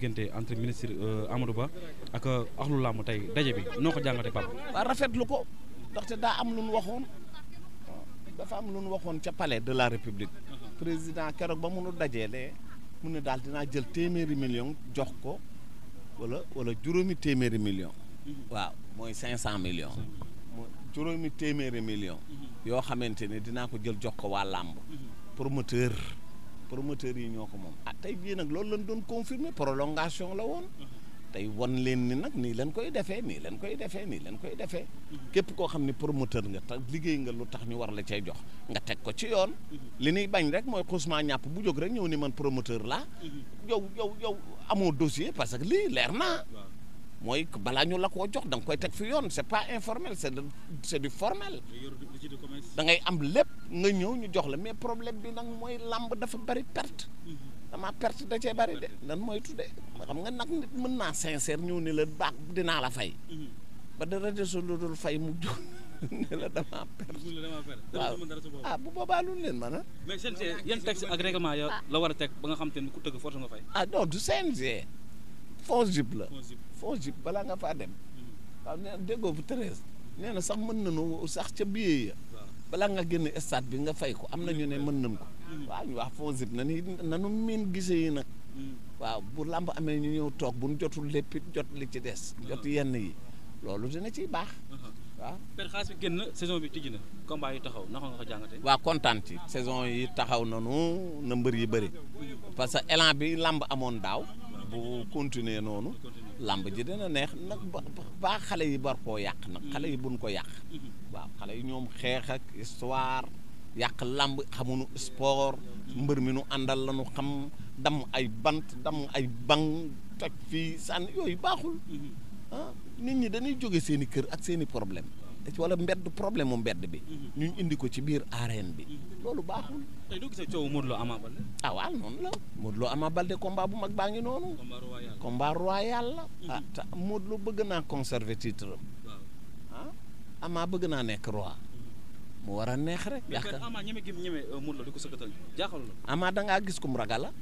diggante entre ministre euh, Amadou Ba ak euh, axlu làmb tey daje bi noo ko jàngatee Pape. waaw rafetlu ko ndaxte daa am lu nu waxoon dafa am lu nu waxoon ca palais de la république. Uh-huh. président keroog ba munu dajeelee mu ne daal dinaa jël téeméeri million jox ko wala wala juróomi téeméeri million uh-huh. waaw mooy cinq cent millions. juróomi million uh-huh. yoo xamante ne dinaa ko jël jox ko waa làmb promoteur. promoteurs yi ñoo ko moom a ah, tey jii nag loolu lañ doon confirmer prolongation la woon mm-hmm. tey won leen ni nag nii lañ koy defee nii lañ koy defee nii lañ koy defee mm-hmm. képp koo xam ne promoteur nga tax liggéey nga lu tax ñu war la cay jox nga teg ko ci yoon mm-hmm. li ñuy bañ rek mooy xusma ñàpp bu jóg rek ñëw ni man promoteur la yow yow yow amoo dossier parce que li leer na mooy balaa ñu la koo jox da koy teg fi yoon c'est pas informel c'est du c'est du formel. da ngay am lépp nga ñëw ñu jox la mais problème bi nag mooy làmb dafa bari perte. Mhm. dama perte da cee bari de nan mooy tudde xam nga nag nit mën naa sincère ñëw ni la baax dinaa la fay. Mhm. ba dara desul lu dul fay mu jóg ne la dama perte. waaw ah, bu boobaa lu leen mën a. mais CNG yan texte ak règlement ya ah. la war a teg ba nga xam te ne ku tëgg force nga fay. ah fond jub la fond jub balaa nga faa dem mm-hmm. waaw déggoo bu treize nee na sax mën nañu sax ca billet ya balaa nga génn stade bi nga fay ko am na ñu ne mën nañ ko mm-hmm. waaw ñu wax fond jub na ni nanu miin gisee yi nag mm-hmm. waaw bu làmb amee ñu ñëw toog bu ñu jotul lépp jot li ci des jot yenn yi loolu dina ci baax uh-huh. waaw per xaas bi génn saison bi tijji na combat yi taxaw naka nga ko kontaan ci saison yi taxaw nanu na mbër yi bëri parce que bi làmb amoon daaw bu continuer noonu làmb ji dina neex nag ba xale yi bar yàq nag xale yi buñ ko yàq waaw xale yi ñoom xeex ak histoire yàq làmb xamunu sport mbër mi nu àndal la nu xam dam ay bant dam ay bang toj fii sànn yooyu baaxul mm-hmm. ah, nit ñi dañuy jóge seeni kër ak seeni i problème nekk ci wala mbedd problème mu mbedd bi. Mhm. ñu indi ko ci biir arène bi. Mhm. loolu baaxul. tey doo gisee coow Modou ah, noonu la mag baa ngi noonu. combat royal la. Mhm. Ah, Lo bëgg naa conserver titre ah, bëgg naa nekk roi. mu war a neex rek. yaakaar Ama ñeme euh, ko sëkkatal jaaxal la. Ama da ngaa gis kum ragalul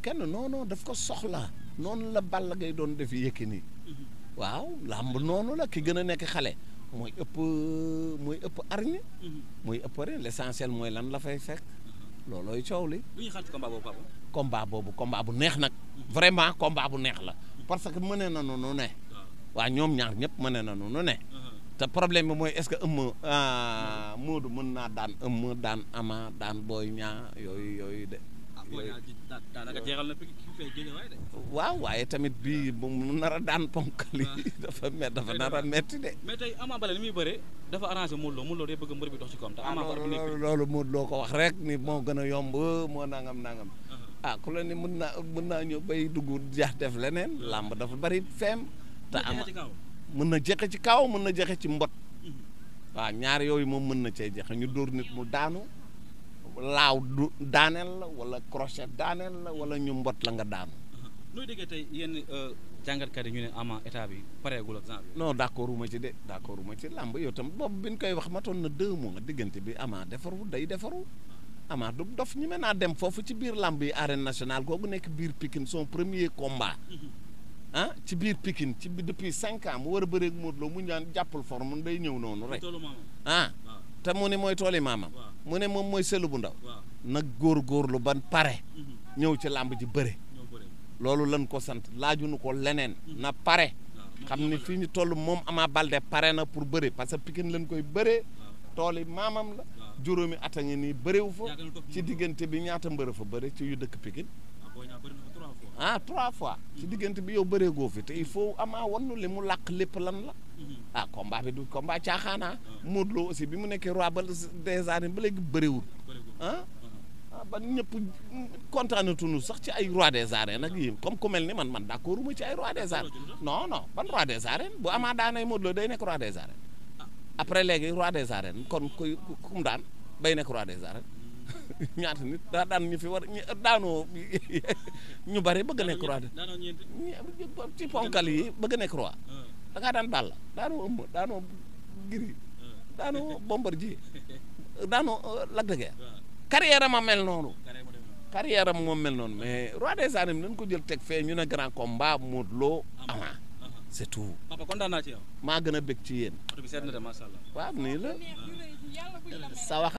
kenn non non daf ko soxla. noonu la Balla Gaye doon def yëkkini. waaw làmb noonu la ki gën a nekk xale mooy ëpp mooy ëpp arñe mhm. mooy ëpp rek l'essentiel mooy lan la fay fekk loolooy coow li. bu ñuy xaar ci combat boobu papa. boobu combat bu neex nag. vraiment combat bu neex la. Mhm. parce que mënee na nu nu ne. waa ñoom ñaar ñëpp mënee na nu nu ne. Mhm. te problème bi mooy est-ce que ëmm euh, Modou mën naa daan ëmm daan ama daan booy ñaa yooyu yooyu de. waaw waaye tamit bii mu nar daan ponkal yi dafa met dafa nar a metti de. mais tey Ama Baldé li muy bëre dafa arrangé Modou Lo Modou Lo mbër bi dox ci kawam. te ah, Ama Baldé ko wax rek ni moo gën a yomb moo nangam nangam. Uh-huh. ah la ni mën naa mën naa ñëw bay dugg jaax def leneen uh-huh. làmb dafa bari feem. te Ama mën na jexe ci kaw mën na jexe ci mbot. Uh-huh. waaw ñaar yooyu moom mën na cee jexe ñu dóor nit mu daanu. laaw du daaneel la wala crochet daaneel la wala ñu mbot la nga daanu. nooy déggee tey yenn euh, jàngatkat yi ñu ne ama ah état bi pareegul ak non d' wu ma ci de d' ma ci làmb yow tam boobu bi ñu koy wax matoon na deux mois diggante bi ama defaru day defaru ama du dof ñi mën naa dem foofu ci biir làmb yi arène nationale googu nekk biir Pikine son premier combat. ah ci biir Pikine ci depuis cinq ans mu war a bëreeg Modou Lo mu ñaan jàppal mun day ñëw noonu rek. ah. te mu ne mooy tooli maamam mu ne moom mooy selu bu ndaw nag lu ban pare mm-hmm. ñëw ci làmb ji bëre loolu lan ko sant laajunu ko leneen mm-hmm. na pare xam ni fii ñu toll moom amaa Baldé pare na pour bëre parce que Pikine lañ koy bëree tooli maamam la juróomi at a ngi nii bërewu fa ci diggante bi ñaata mbër fo bëre ci yu dëkk Pikine ah trois fois. ci diggante bi yow bëree góof fi te il faut amaa wannu li mu làq lépp lan la. Mhm. ah combat bi du combat caaxaanaa. Ah. Ah. Modou Lo aussi bi mu nekkee roi ba des arènes ba léegi bëriwul. Ah. Uh-huh. ah ba ñëpp kontaanatuñu sax ci ay roi des arènes nag yéen comme ku ni man man d'accord uma ci ay roi des arènes. non ban roi des arènes bu amaa daanay Modou Lo day nekk après léegi roi des arènes kon kuy kum daan bay nekk roi des arènes. ñaata nit daa daan ñu fi war ñu daanoo ñu bari bëgg nekk roi de ci ponkal yi bëgg nekk roi ah. da ngaa daan bàll daanoo ëmb daanoo giri ah. daanoo bombardier daanoo euh, Lac de Guiers ah. carrière mel noonu carrière ma moom mel noonu mais roi des arènes dañ ko jël teg fee ñu ne grand combat Modou Lo Ama c'est tout. papa ci maa gën a bëgg ci yéen. oto nii la. sa